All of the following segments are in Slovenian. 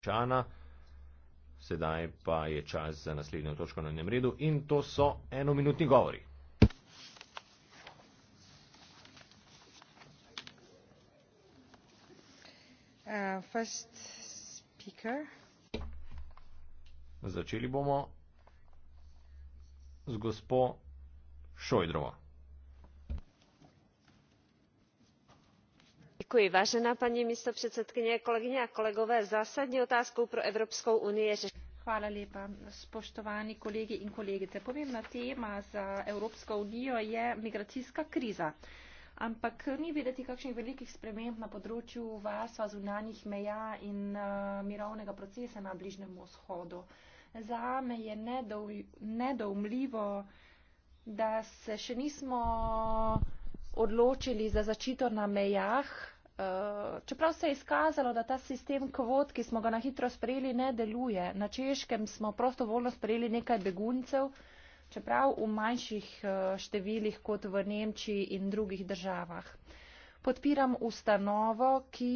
Čana. Sedaj pa je čas za naslednjo točko na njem redu in to so enominutni govori. Uh, first speaker. Začeli bomo z gospo Šojdrovo. vážená paní místopředsedkyně kolegyně a kolegové zásadní otázkou pro evropskou unii je řešení migrační krize. Ampak ni videti kakšnih velikih sprememb na področju varstva zunanjih meja in uh, mirovnega procesa na Bližnem vzhodu. Zame je nedoumljivo, da se še nismo odločili za začito na mejah, Eh, čeprav se je izkazalo, da ta sistem kvot, ki smo ga na hitro sprejeli, ne deluje. Na Češkem smo prostovoljno sprejeli nekaj beguncev, čeprav v manjših eh, številih kot v Nemčiji in drugih državah. Podpiram ustanovo, ki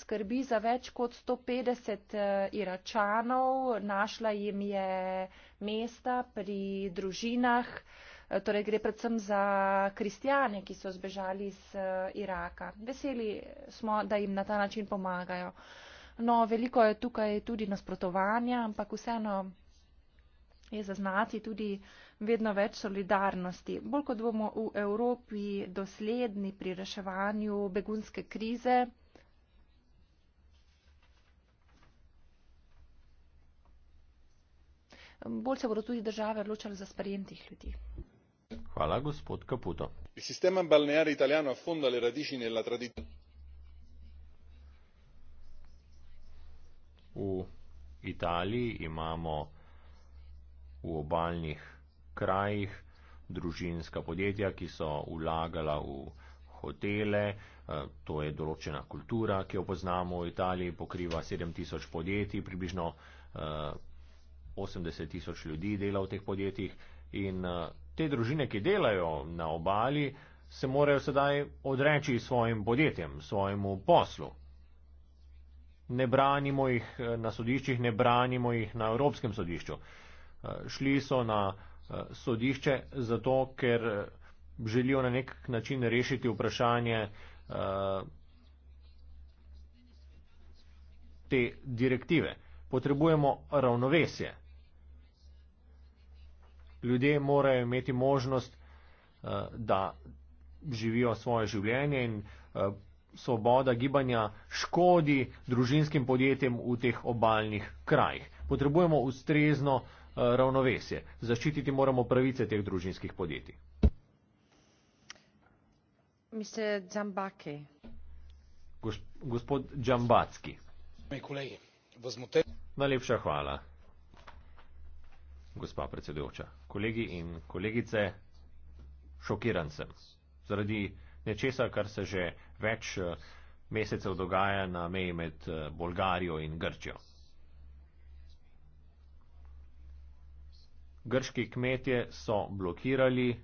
skrbi za več kot 150 eh, iračanov, našla jim je mesta pri družinah. Eh, torej gre predvsem za kristijane, ki so zbežali iz eh, Iraka. Veseli smo, da jim na ta način pomagajo. No, veliko je tukaj tudi nasprotovanja, ampak vseeno je zaznati tudi vedno več solidarnosti. Bolj kot bomo v Evropi dosledni pri reševanju begunske krize, bolj se bodo tudi države odločale za sprejem tih ljudi. Hvala, gospod Caputo. Il sistema balneare italiano affonda le radici nella tradizione. V Italiji imamo v obaljnih krajih družinska podjetja, ki so vlagala v hotele, eh, to je določena kultura, ki jo poznamo v Italiji, pokriva 7000 podjetij, približno 80 eh, tisoč ljudi dela v teh podjetjih in eh, te družine, ki delajo na obali, se morajo sedaj odreči svojim podjetjem, svojemu poslu. Ne branimo jih eh, na sodiščih, ne branimo jih na Evropskem sodišču. Eh, šli so na eh, sodišče zato, ker želijo na nek način rešiti vprašanje te direktive. Potrebujemo ravnovesje ljudje morajo imeti možnost, eh, da živijo svoje življenje in eh, svoboda gibanja škodi družinskim podjetjem v teh obaljnih krajih. Potrebujemo ustrezno eh, ravnovesje. Zaščititi moramo pravice teh družinskih podjetij. Gospod Džambacki. Najlepša hvala gospa predsedujoča. Kolegi in kolegice, šokiran sem. Zaradi nečesa, kar se že več eh, mesecev dogaja na meji med eh, Bolgarijo in Grčijo. Grški kmetje so blokirali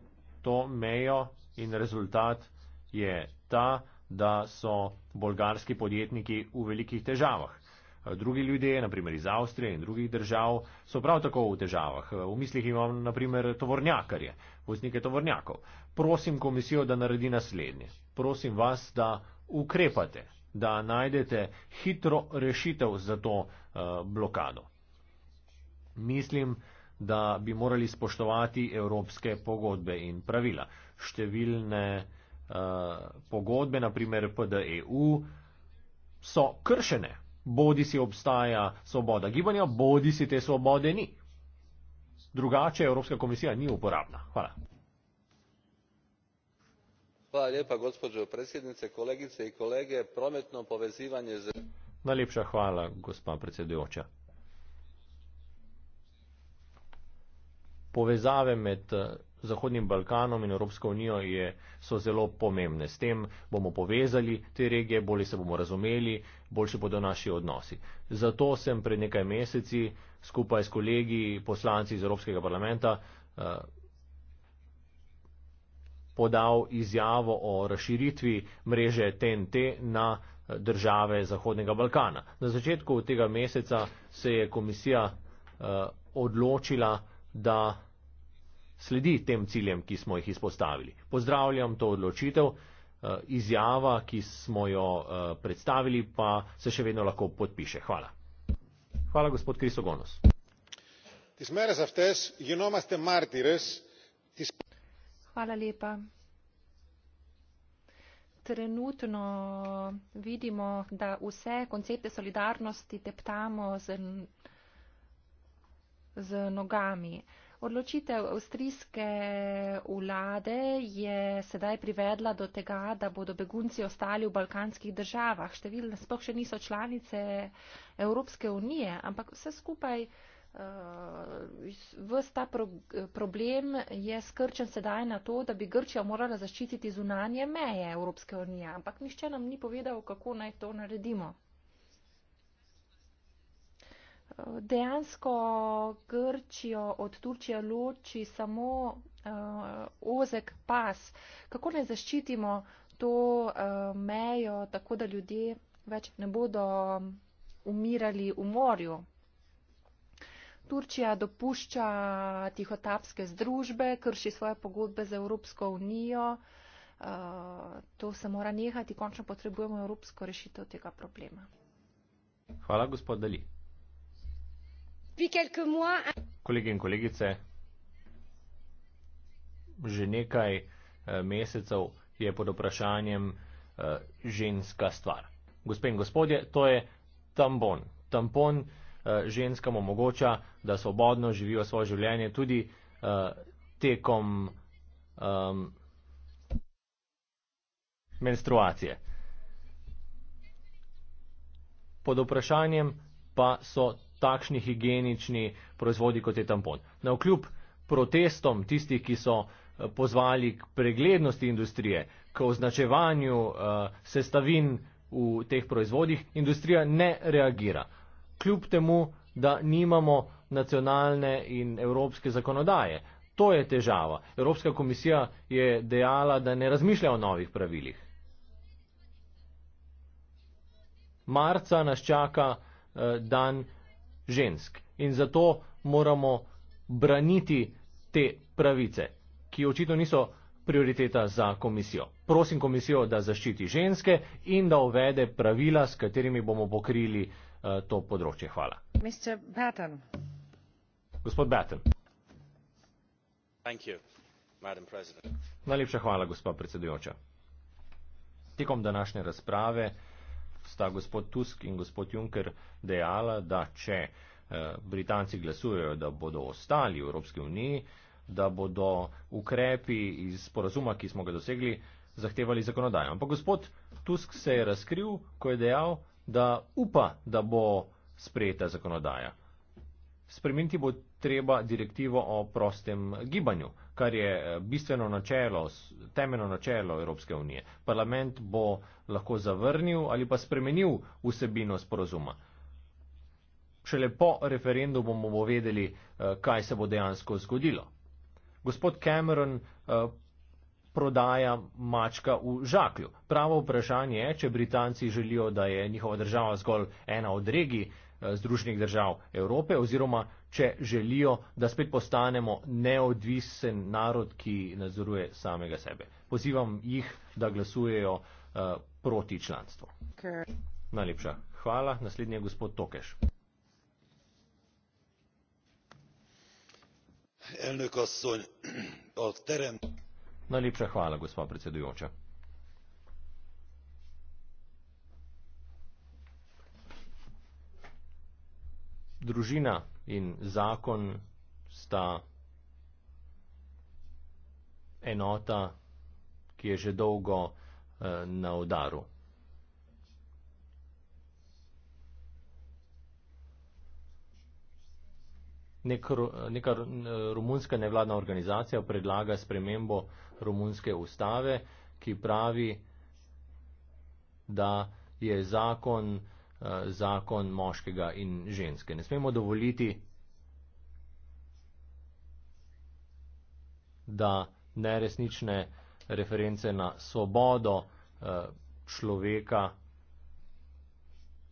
to mejo in rezultat je ta, da so bolgarski podjetniki v velikih težavah. Eh, drugi ljudje, naprimer iz Avstrije in drugih držav, so prav tako v težavah. Eh, v mislih imam naprimer tovornjakarje, voznike tovornjakov. Prosim komisijo, da naredi naslednje. Prosim vas, da ukrepate, da najdete hitro rešitev za to uh, blokado. Mislim, da bi morali spoštovati evropske pogodbe in pravila. Številne uh, pogodbe, naprimer PDEU, so kršene bodi si obstaja svoboda gibanja, bodi si te svobode ni. Drugače Evropska komisija ni uporabna. Hvala. Hvala lepa, gospođo predsjednice, kolegice in kolege. Prometno povezivanje z. Najlepša hvala, gospa predsedujoča. Povezave med Zahodnim Balkanom in Evropsko unijo je, so zelo pomembne. S tem bomo povezali te regije, bolje se bomo razumeli, boljši bodo naši odnosi. Zato sem pred nekaj meseci skupaj s kolegi poslanci iz Evropskega parlamenta eh, podal izjavo o razširitvi mreže TNT na eh, države Zahodnega Balkana. Na začetku tega meseca se je komisija eh, odločila, da sledi tem ciljem, ki smo jih izpostavili. Pozdravljam to odločitev, eh, izjava, ki smo jo eh, predstavili, pa se še vedno lahko podpiše. Hvala. Hvala, gospod Krisogonos. Hvala lepa. Trenutno vidimo, da vse koncepte solidarnosti teptamo z, z nogami. Uh, Odločitev avstrijske vlade je sedaj privedla do tega, da bodo begunci ostali v balkanskih državah. Številne sploh še niso članice Evropske unije, ampak vse skupaj, eh, vse ta problem je skrčen sedaj na to, da bi Grčija morala zaščititi zunanje meje Evropske unije. Ampak nišče nam ni povedal, kako naj to naredimo. Dejansko Grčijo od Turčije loči samo uh, ozek pas. Kako naj zaščitimo to uh, mejo, tako da ljudje več ne bodo mm, umirali v morju? Turčija dopušča tihotapske združbe, krši svoje pogodbe z Evropsko unijo. Uh, to se mora nehati, končno potrebujemo evropsko rešitev tega problema. Hvala, gospod Dali. Kolegi in kolegice, že nekaj eh, mesecev je pod vprašanjem eh, ženska stvar. Gospe in gospodje, to je tampon. Tampon eh, ženskam omogoča, da svobodno živijo svoje življenje tudi tekom menstruacije. Pod vprašanjem pa so takšni higienični proizvodi, kot je tampon. Na vkljub protestom tistih, ki so eh, pozvali k preglednosti industrije, k označevanju uh, sestavin v teh proizvodih, industrija ne reagira. Kljub temu, da nimamo nacionalne in evropske zakonodaje. To je težava. Evropska komisija je dejala, da ne razmišlja o novih pravilih. Marca nas čaka uh, dan žensk. In zato moramo braniti te pravice, ki očitno niso prioriteta za komisijo. Prosim komisijo, da zaščiti ženske in da uvede pravila, s katerimi bomo pokrili uh, to področje. Hvala. Batten. Gospod Batten. You, Najlepša hvala, gospod predsedujoča. Tekom današnje razprave sta gospod Tusk in gospod Juncker dejala, da če eh, Britanci glasujejo, da bodo ostali v Evropski uniji, da bodo ukrepi iz sporazuma, ki smo ga dosegli, zahtevali zakonodajo. Ampak gospod Tusk se je razkril, ko je dejal, da upa, da bo sprejeta zakonodaja. Spremeniti bo treba direktivo o prostem gibanju kar je eh, bistveno načelo, temeljno načelo Evropske unije. Parlament bo lahko zavrnil ali pa spremenil vsebino sporozuma. Šele po referendumu bomo bo vedeli, eh, kaj se bo dejansko zgodilo. Gospod Cameron eh, prodaja mačka v žaklju. Pravo vprašanje je, če Britanci želijo, da je njihova država zgolj ena od regij združnih držav Evrope oziroma če želijo, da spet postanemo neodvisen narod, ki nadzoruje samega sebe. Pozivam jih, da glasujejo uh, proti članstvu. Okay. Najlepša hvala. Naslednji je gospod Tokeš. Najlepša hvala, gospod predsedujoča. Družina in zakon sta enota, ki je že dolgo eh, na udaru. Neka eh, romunska nevladna organizacija predlaga spremembo romunske ustave, ki pravi, da je zakon Eh, zakon moškega in ženske. Ne smemo dovoliti, da neresnične reference na svobodo eh, človeka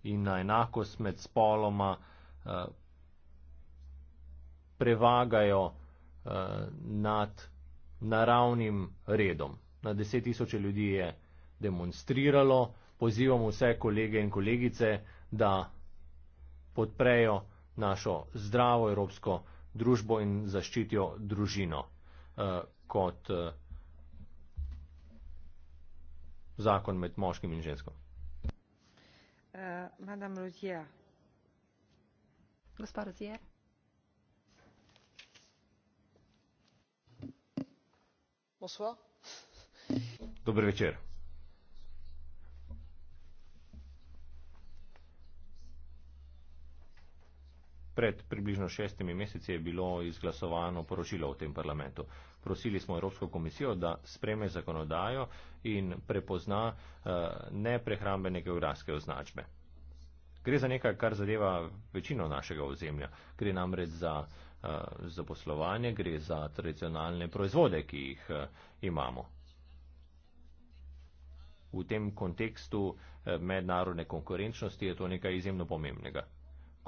in na enakost med spoloma eh, prevagajo nad naravnim redom. Na deset tisoče ljudi je demonstriralo, pozivam vse kolege in kolegice, da podprejo našo zdravo evropsko družbo in zaščitijo družino eh, kot eh, zakon med moškim in ženskom. Uh, Madam Rozier. Gospod Rozier. Bonsoir. Dobro večer. Pred približno šestimi meseci je bilo izglasovano poročilo v tem parlamentu. Prosili smo Evropsko komisijo, da spreme zakonodajo in prepozna eh, neprehrambene geografske označbe. Gre za nekaj, kar zadeva večino našega ozemlja. Gre namreč za eh, zaposlovanje, gre za tradicionalne proizvode, ki jih eh, imamo. V tem kontekstu mednarodne konkurenčnosti je to nekaj izjemno pomembnega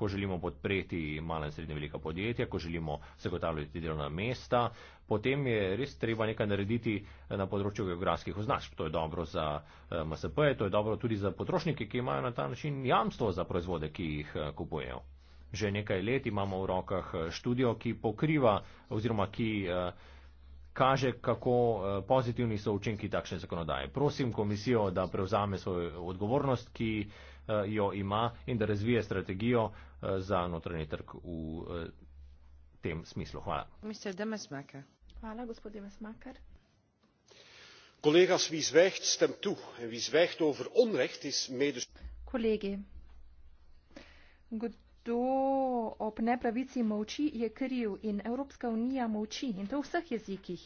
ko želimo podpreti mala in srednja velika podjetja, ko želimo zagotavljati delovna mesta, potem je res treba nekaj narediti na področju geografskih označb. To je dobro za eh, MSP, to je dobro tudi za potrošnike, ki imajo na ta način jamstvo za proizvode, ki jih eh, kupujejo. Že nekaj let imamo v rokah eh, študijo, ki pokriva oziroma ki kaže, kako pozitivni so učinki takšne zakonodaje. Prosim komisijo, da prevzame svojo odgovornost, ki uh, Eh, jo ima in da razvije strategijo eh, za notranji trg v eh, tem smislu. Hvala. Hvala, gospod Demesmaker. Collega's, wie zwijgt, stemt toe. En wie zwijgt over onrecht, is mede. Collega. Kdo ob nepravici molči, je kriv in Evropska unija molči in to v vseh jezikih.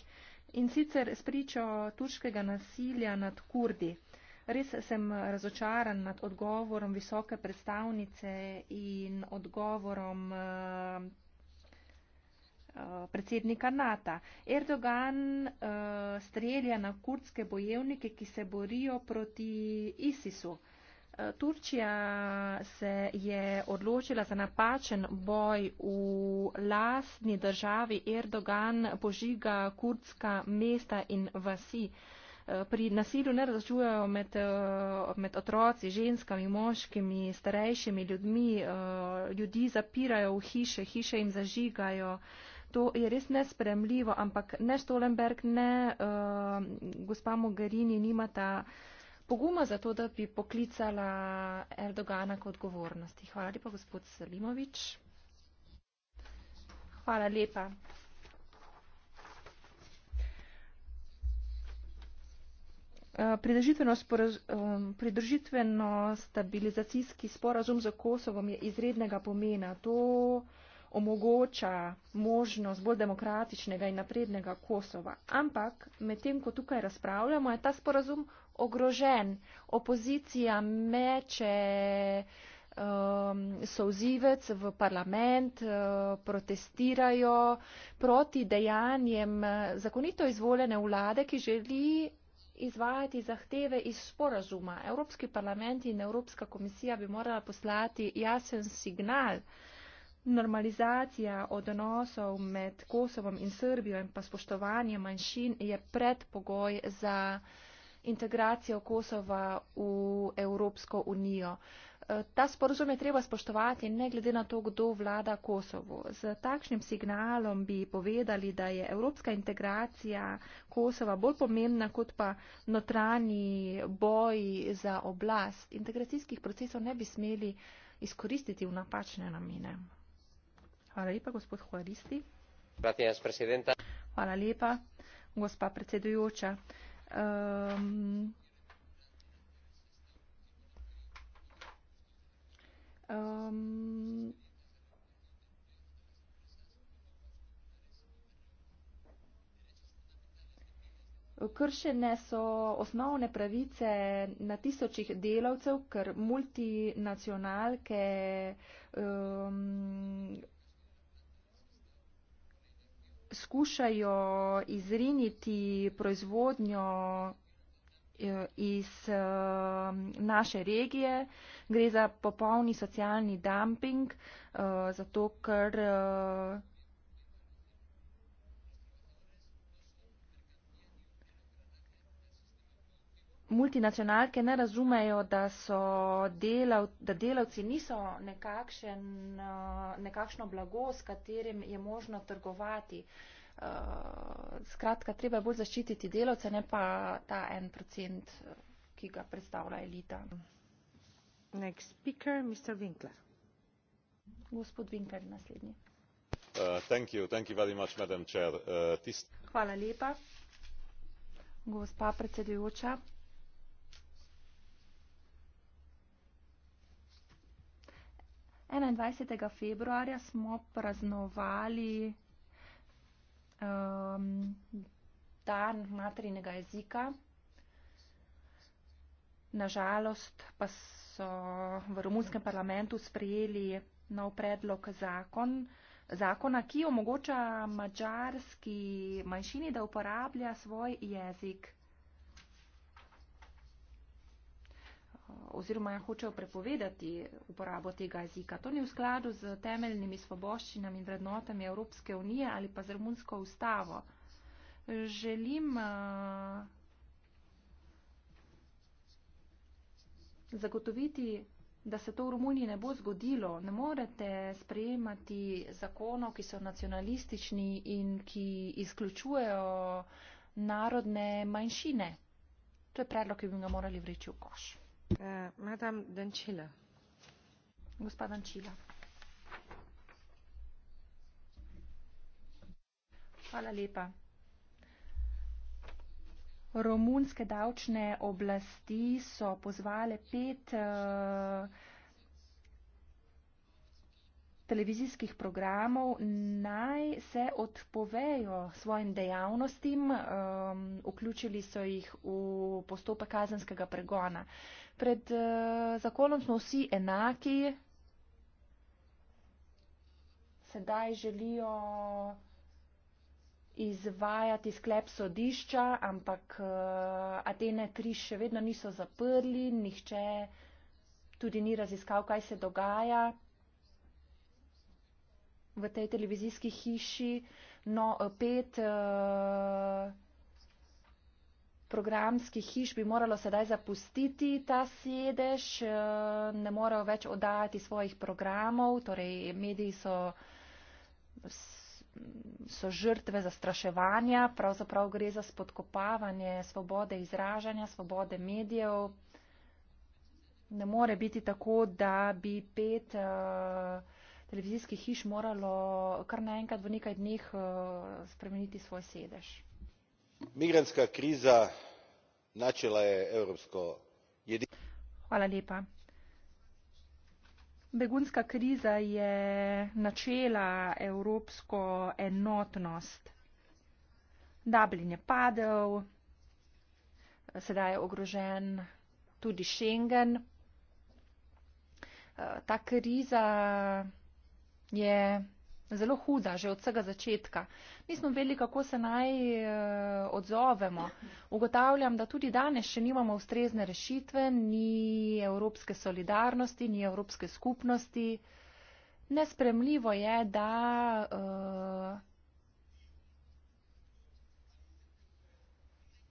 In sicer spričo turškega nasilja nad kurdi. Res sem razočaran nad odgovorom visoke predstavnice in odgovorom eh, eh, predsednika NATO. Erdogan eh, strelja na kurdske bojevnike, ki se borijo proti ISIS-u. Turčija se je odločila za napačen boj v lastni državi. Erdogan požiga kurdska mesta in vasi. Eh, pri nasilju ne razlučujejo med, eh, med otroci, ženskami, moškimi, starejšimi ljudmi, eh, ljudi zapirajo v hiše, hiše jim zažigajo. To je res nespremljivo, ampak ne Stolenberg, ne gospa Mogherini nimata poguma za to, da bi poklicala Erdogana k odgovornosti. Hvala lepa, gospod Salimovič. Hvala lepa. Eh, pridržitveno, sporaz, pridržitveno stabilizacijski sporazum za Kosovom je izrednega pomena. To omogoča možnost bolj demokratičnega in naprednega Kosova. Ampak medtem, ko tukaj razpravljamo, je ta sporazum ogrožen. Opozicija meče um, souzivec v parlament, eh, protestirajo proti dejanjem eh, zakonito izvoljene vlade, ki želi izvajati zahteve iz sporazuma. Evropski parlament in Evropska komisija bi morala poslati jasen signal. Normalizacija odnosov med Kosovom in Srbijo in pa spoštovanje manjšin je predpogoj za integracijo Kosova v Evropsko unijo ta sporozum je treba spoštovati ne glede na to, kdo vlada Kosovo. Z takšnim signalom bi povedali, da je evropska integracija Kosova bolj pomembna kot pa notranji boj za oblast. Integracijskih procesov ne bi smeli izkoristiti v napačne namene. Hvala lepa, gospod Huaristi. Hvala lepa, gospa predsedujoča. Um, kršene so osnovne pravice na tisočih delavcev, ker multinacionalke um, skušajo izriniti proizvodnjo eh, iz uh, naše regije. Gre za popolni socialni dumping, uh, zato ker uh, multinacionalke ne razumejo, da, delav, da delavci niso nekakšen, eh, nekakšno blago, s katerim je možno trgovati. Eh, skratka, treba bolj zaščititi delavce, ne pa ta en procent, eh, ki ga predstavlja elita. Next speaker, Mr. Winkler. Gospod Winkler je naslednji. Uh, thank you, thank you very much, madam chair. Uh, Hvala lepa, gospa predsedujoča. 21. februarja smo praznovali um, dan materinega jezika. Nažalost pa so v romunskem parlamentu sprejeli nov predlog zakon, zakona, ki omogoča mačarski manjšini, da uporablja svoj jezik. oziroma jo ja hočejo prepovedati uporabo tega jezika. To ni v skladu z temeljnimi svoboščinami in vrednotami Evropske unije ali pa z romunsko ustavo. Želim uh, zagotoviti, da se to v Romuniji ne bo zgodilo. Ne morete sprejemati zakonov, ki so nacionalistični in ki izključujejo narodne manjšine. To je predlog, ki bi ga morali vreči v koš. Eh, gospa dăncilă Hvala lepa. Romunske davčne oblasti so pozvale pet uh, televizijskih programov naj se odpovejo svojim dejavnostim, um, vključili so jih v postopek kazenskega pregona. Pred uh, zakonom smo vsi enaki, sedaj želijo izvajati sklep sodišča, ampak uh, Atene 3 še vedno niso zaprli, nihče tudi ni raziskal, kaj se dogaja v tej televizijski hiši no, eh, pet uh, programskih hiš bi moralo sedaj zapustiti ta sedež, uh, ne morejo več oddajati svojih programov, torej mediji so, so žrtve zastraševanja, pravzaprav gre za spodkopavanje svobode izražanja, svobode medijev. Ne more biti tako, da bi pet. Uh, televizijskih hiš moralo kar naenkrat v nekaj dneh eh, spremeniti svoj sedež. Migranska kriza načela je evropsko jedinstvo. Hvala lepa. Begunska kriza je načela evropsko enotnost. Dublin je padel, sedaj je ogrožen tudi Schengen. Eh, ta kriza je zelo huda že od vsega začetka. Nismo vedeli, kako se naj eh, odzovemo. Ugotavljam, da tudi danes še nimamo ustrezne rešitve, ni evropske solidarnosti, ni evropske skupnosti. Nespremljivo je, da. Eh,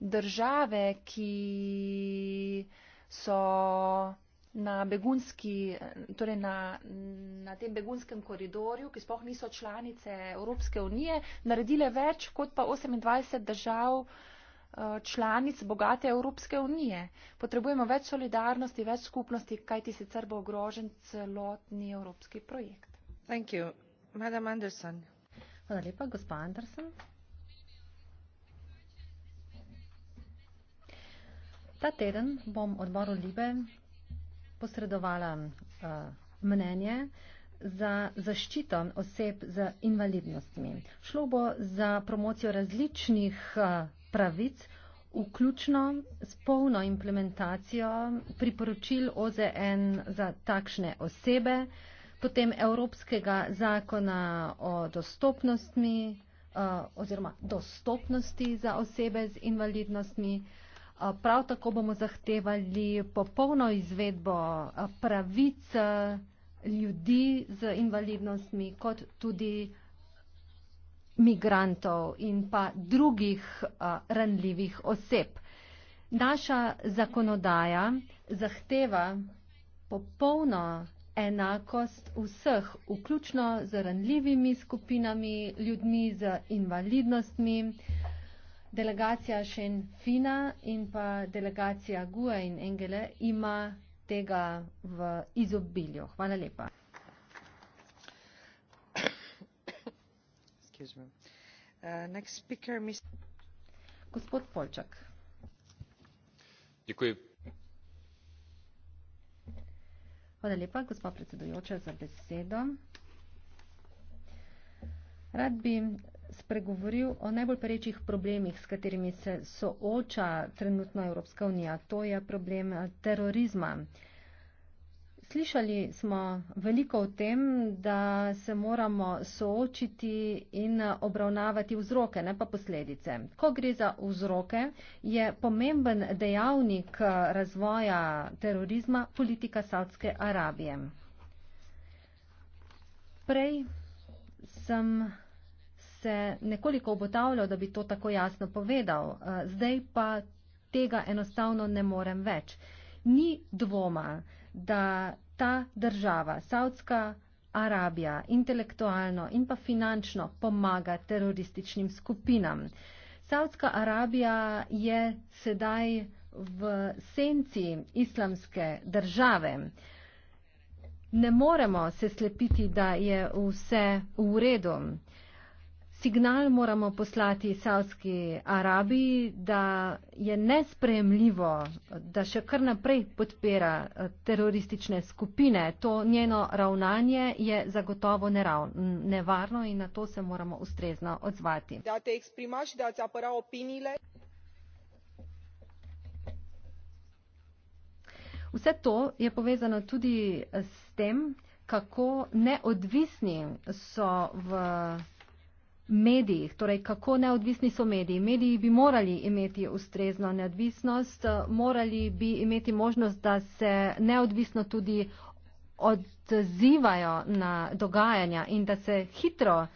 države, ki so na, begunski, torej na, na tem begunskem koridorju, ki spoh niso članice Evropske unije, naredile več kot pa 28 držav eh, članic bogate Evropske unije. Potrebujemo več solidarnosti, več skupnosti, kaj ti sicer bo ogrožen celotni evropski projekt. Thank you. Madam Anderson. Hvala lepa, gospod Anderson. Ta teden bom odboru Libe posredovala uh, mnenje za zaščito oseb z invalidnostmi. Šlo bo za promocijo različnih uh, pravic, vključno s polno implementacijo priporočil OZN za takšne osebe, potem Evropskega zakona o dostopnostmi uh, oziroma dostopnosti za osebe z invalidnostmi. Uh, Eh, prav tako bomo zahtevali popolno izvedbo eh, pravic eh, ljudi z invalidnostmi, kot tudi migrantov in pa drugih ranljivih oseb. Naša zakonodaja zahteva popolno enakost vseh, vključno z ranljivimi skupinami, ljudmi z invalidnostmi delegacija Šenfina in pa delegacija Gue in Engele ima tega v izobilju. Hvala lepa. Uh, next speaker, mis... Gospod Polčak. Děkuji. Hvala lepa, gospod predsedujoča, za besedo. Rad bi spregovoril o najbolj perečih problemih, s katerimi se sooča trenutno Evropska unija. To je problem eh, terorizma. Slišali smo veliko o tem, da se moramo soočiti in obravnavati vzroke, ne pa posledice. Ko gre za vzroke, je pomemben dejavnik eh, razvoja terorizma politika Saudske Arabije. Prej sem se nekoliko obotavljal, da bi to tako jasno povedal. Eh, zdaj pa tega enostavno ne morem več. Ni dvoma, da ta država, Saudska Arabija, intelektualno in pa finančno pomaga terorističnim skupinam. Saudska Arabija je sedaj v senci islamske države. Ne moremo se slepiti, da je vse v redu. Uh, signal moramo poslati Saudski Arabiji, da je nespremljivo, da še kar naprej podpira eh, teroristične skupine. To njeno ravnanje je zagotovo nerav, nevarno in na to se moramo ustrezno odzvati. Vse to je povezano tudi s tem, kako neodvisni so v medijih, torej kako neodvisni so mediji. Mediji bi morali imeti ustrezno neodvisnost, morali bi imeti možnost, da se neodvisno tudi odzivajo na dogajanja in da se hitro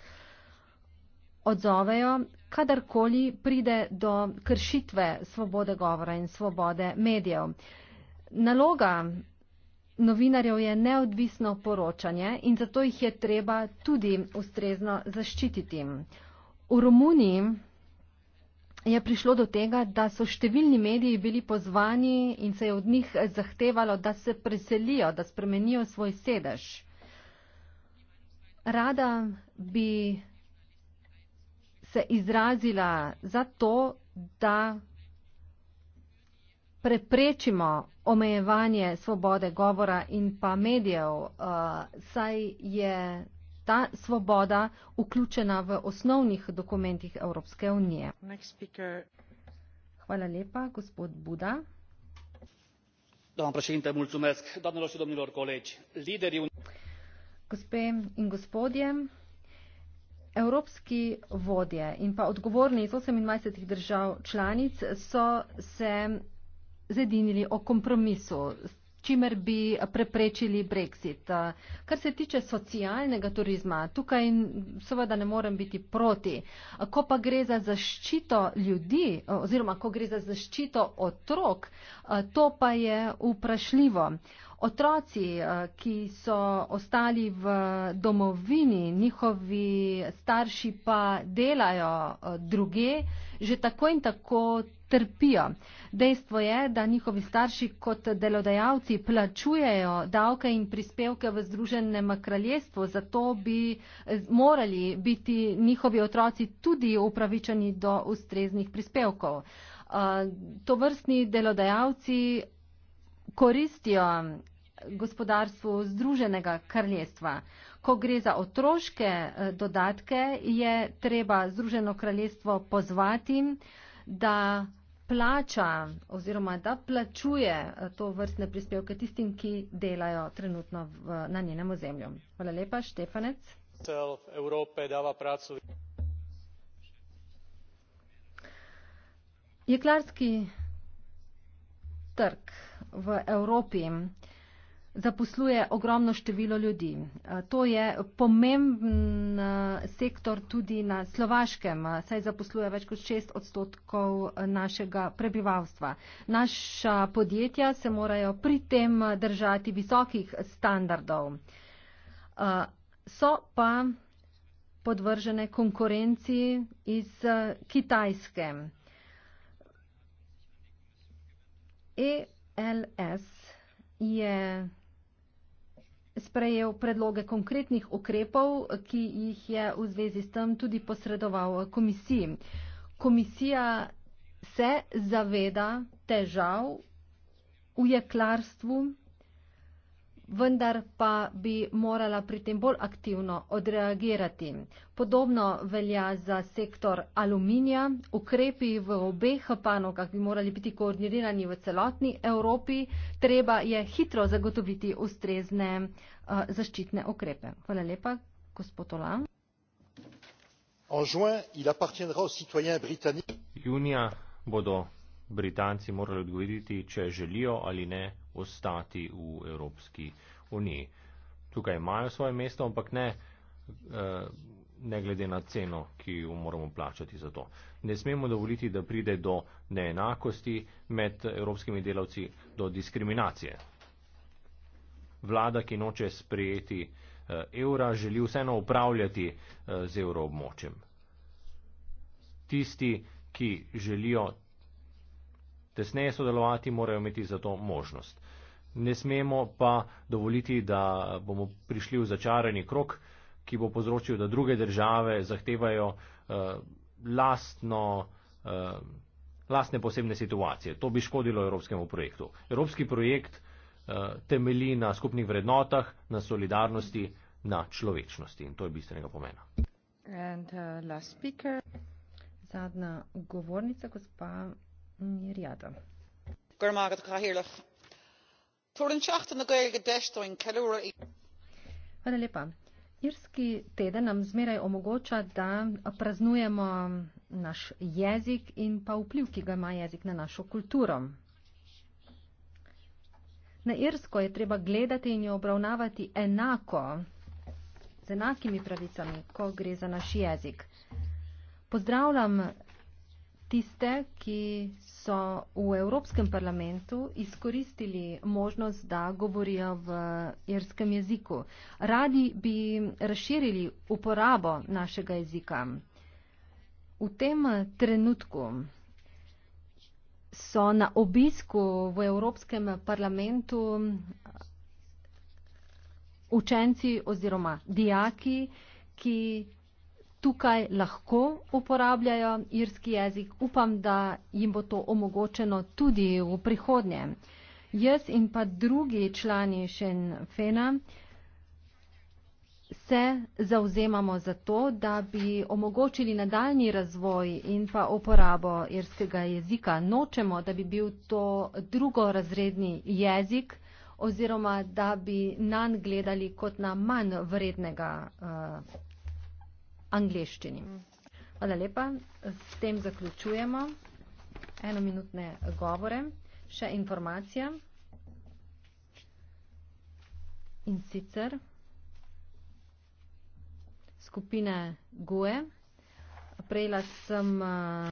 odzovejo, kadarkoli pride do kršitve svobode govora in svobode medijev. Naloga novinarjev je neodvisno poročanje in zato jih je treba tudi ustrezno zaščititi. V Romuniji je prišlo do tega, da so številni mediji bili pozvani in se je od njih zahtevalo, da se preselijo, da spremenijo svoj sedež. Rada bi se izrazila za to, da preprečimo omejevanje svobode govora in pa medijev, uh, saj je ta svoboda vključena v osnovnih dokumentih Evropske unije. Hvala lepa, gospod Buda. Gospe in gospodje, evropski vodje in pa odgovorni iz 28 držav članic so se zedinili o kompromisu, čimer bi preprečili brexit. Kar se tiče socialnega turizma, tukaj seveda ne morem biti proti. Ko pa gre za zaščito ljudi oziroma ko gre za zaščito otrok, to pa je vprašljivo. Otroci, eh, ki so ostali v domovini, njihovi starši pa delajo eh, druge, že tako in tako trpijo. Dejstvo je, da njihovi starši kot delodajalci plačujejo davke in prispevke v Združenem kraljestvu, zato bi eh, morali biti njihovi otroci tudi upravičeni do ustreznih prispevkov. To vrstni delodajalci koristijo gospodarstvu Združenega kraljestva. Ko gre za otroške eh, dodatke, je treba Združeno kraljestvo pozvati, da plača oziroma da plačuje eh, to vrstne prispevke tistim, ki delajo trenutno v, na njenem ozemlju. Hvala lepa, Štefanec. Jeklarski trg v Evropi zaposluje ogromno število ljudi. To je pomemben sektor tudi na slovaškem, saj zaposluje več kot šest odstotkov našega prebivalstva. Naša podjetja se morajo pri tem držati visokih standardov. So pa podvržene konkurenciji iz Kitajske. E LS je sprejel predloge konkretnih ukrepov, ki jih je v zvezi s tem tudi posredoval komisiji. Komisija se zaveda težav v jeklarstvu vendar pa bi morala pri tem bolj aktivno odreagirati. Podobno velja za sektor aluminija. Ukrepi v obeh panogah bi morali biti koordinirani v celotni Evropi. Treba je hitro zagotoviti ustrezne uh, zaščitne ukrepe. Hvala lepa, gospod Ola. Junija bodo Britanci morali odgovoriti, če želijo ali ne ostati v Evropski uniji. Tukaj imajo svoje mesto, ampak ne, eh, ne glede na ceno, ki jo moramo plačati za to. Ne smemo dovoliti, da pride do neenakosti med evropskimi delavci, do diskriminacije. Vlada, ki noče sprejeti eh, evra, želi vseeno upravljati eh, z evroobmočjem. Tisti, ki želijo tesneje sodelovati, morajo imeti za to možnost. Ne smemo pa dovoliti, da bomo prišli v začarani krok, ki bo povzročil, da druge države zahtevajo uh, lastno, uh, lastne posebne situacije. To bi škodilo evropskemu projektu. Evropski projekt uh, eh, temeli na skupnih vrednotah, na solidarnosti, na človečnosti in to je bistvenega pomena. And, uh, last speaker, zadnja govornica, gospa miriada. Hvala lepa. Irski teden nam zmeraj omogoča, da praznujemo naš jezik in pa vpliv, ki ga ima jezik na našo kulturo. Na Irsko je treba gledati in jo obravnavati enako, z enakimi pravicami, ko gre za naš jezik. Pozdravljam tiste, ki so v Evropskem parlamentu izkoristili možnost, da govorijo v irskem jeziku. Radi bi razširili uporabo našega jezika. V tem trenutku so na obisku v Evropskem parlamentu učenci oziroma dijaki, ki tukaj lahko uporabljajo irski jezik. Upam, da jim bo to omogočeno tudi v prihodnje. Jaz in pa drugi člani Sinn Fena se zauzemamo za to, da bi omogočili nadaljni razvoj in pa uporabo irskega jezika. Nočemo, da bi bil to drugorazredni jezik oziroma da bi nanj gledali kot na manj vrednega. Uh, angleščini. Hvala lepa. S tem zaključujemo enominutne govore. Še informacija. In sicer skupine GUE. Prejela sem.